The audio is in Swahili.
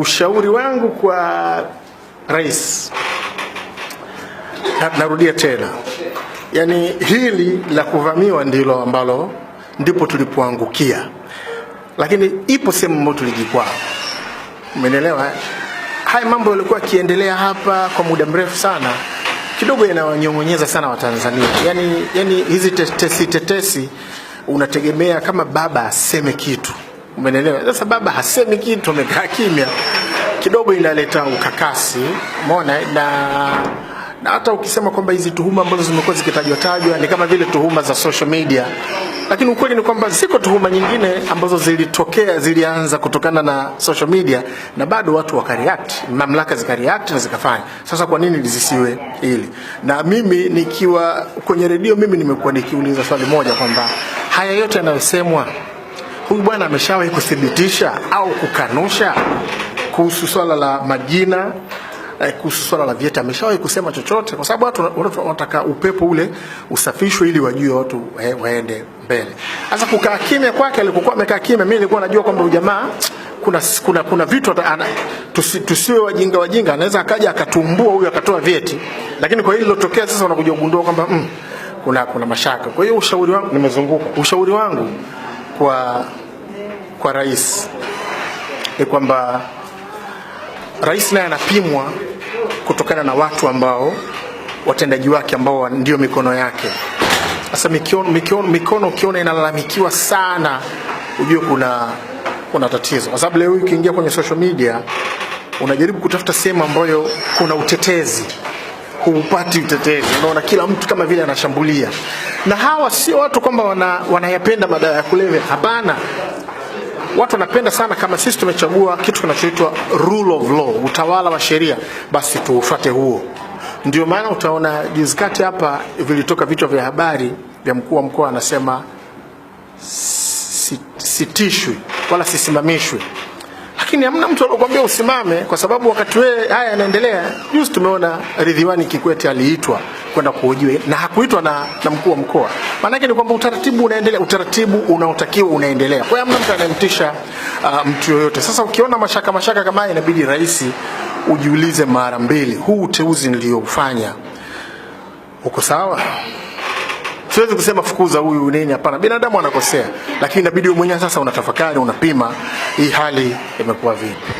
Ushauri wangu kwa rais, narudia tena, yaani hili la kuvamiwa ndilo ambalo ndipo tulipoangukia, lakini ipo sehemu ambayo tulijikwaa. umenelewa eh? Haya mambo yalikuwa akiendelea hapa kwa muda mrefu sana, kidogo yanawanyong'onyeza sana Watanzania. Yani, yani hizi tetesi tetesi unategemea kama baba aseme kitu Umenelewa? Sasa baba hasemi kitu, amekaa kimya kidogo, inaleta ukakasi, umeona na na hata ukisema kwamba hizi tuhuma ambazo zimekuwa zikitajwa tajwa ni kama vile tuhuma za social media, lakini ukweli ni kwamba ziko tuhuma nyingine ambazo zilitokea zilianza kutokana na social media na bado watu wakareact, mamlaka zikareact na zikafanya. Sasa kwa nini lizisiwe hili? Na mimi nikiwa kwenye redio, mimi nimekuwa nikiuliza swali moja kwamba haya yote yanayosemwa huyu bwana ameshawahi kuthibitisha au kukanusha kuhusu swala la majina eh, kuhusu swala la vyeti ameshawahi kusema chochote? Kwa sababu watu wanataka upepo ule usafishwe ili wajue watu waende mbele. Sasa kukaa kimya kwake, alikokuwa amekaa kimya, mimi nilikuwa najua kwamba ujamaa kuna, kuna, kuna vitu tusiwe tusi, wajinga wajinga, anaweza akaja akatumbua huyu akatoa vyeti, lakini kwa hili lilotokea sasa unakuja kugundua kwamba mm, kuna, kuna mashaka. Kwa hiyo ushauri wangu nimezunguka, ushauri wangu kwa kwa rais ni kwamba rais naye anapimwa kutokana na watu ambao watendaji wake ambao ndio mikono yake. Sasa mikono, mikono, mikono ukiona inalalamikiwa sana, ujue kuna kuna tatizo, kwa sababu leo ukiingia kwenye social media unajaribu kutafuta sehemu ambayo kuna utetezi, huupati utetezi. Unaona kila mtu kama vile anashambulia, na hawa sio watu kwamba wana, wanayapenda madawa ya kulevya, hapana watu wanapenda sana, kama sisi tumechagua kitu kinachoitwa rule of law, utawala wa sheria, basi tufuate huo. Ndio maana utaona juzi kati hapa vilitoka vichwa vya habari vya mkuu wa mkoa anasema sitishwi wala sisimamishwi lakini hamna mtu alokuambia usimame, kwa sababu wakati wewe haya yanaendelea. Juzi tumeona Ridhiwani Kikwete aliitwa kwenda kuhojiwa na hakuitwa na, na mkuu wa mkoa. Maana yake ni kwamba utaratibu unaendelea, utaratibu unaotakiwa unaendelea. Kwa hiyo hamna mtu anayemtisha uh, mtu yoyote. Sasa ukiona mashaka mashaka kama haya, inabidi rais ujiulize mara mbili, huu uteuzi niliofanya uko sawa? Siwezi kusema fukuza huyu nini, hapana, binadamu anakosea, lakini inabidi mwenyewe sasa unatafakari, unapima hii hali imekuwa vipi.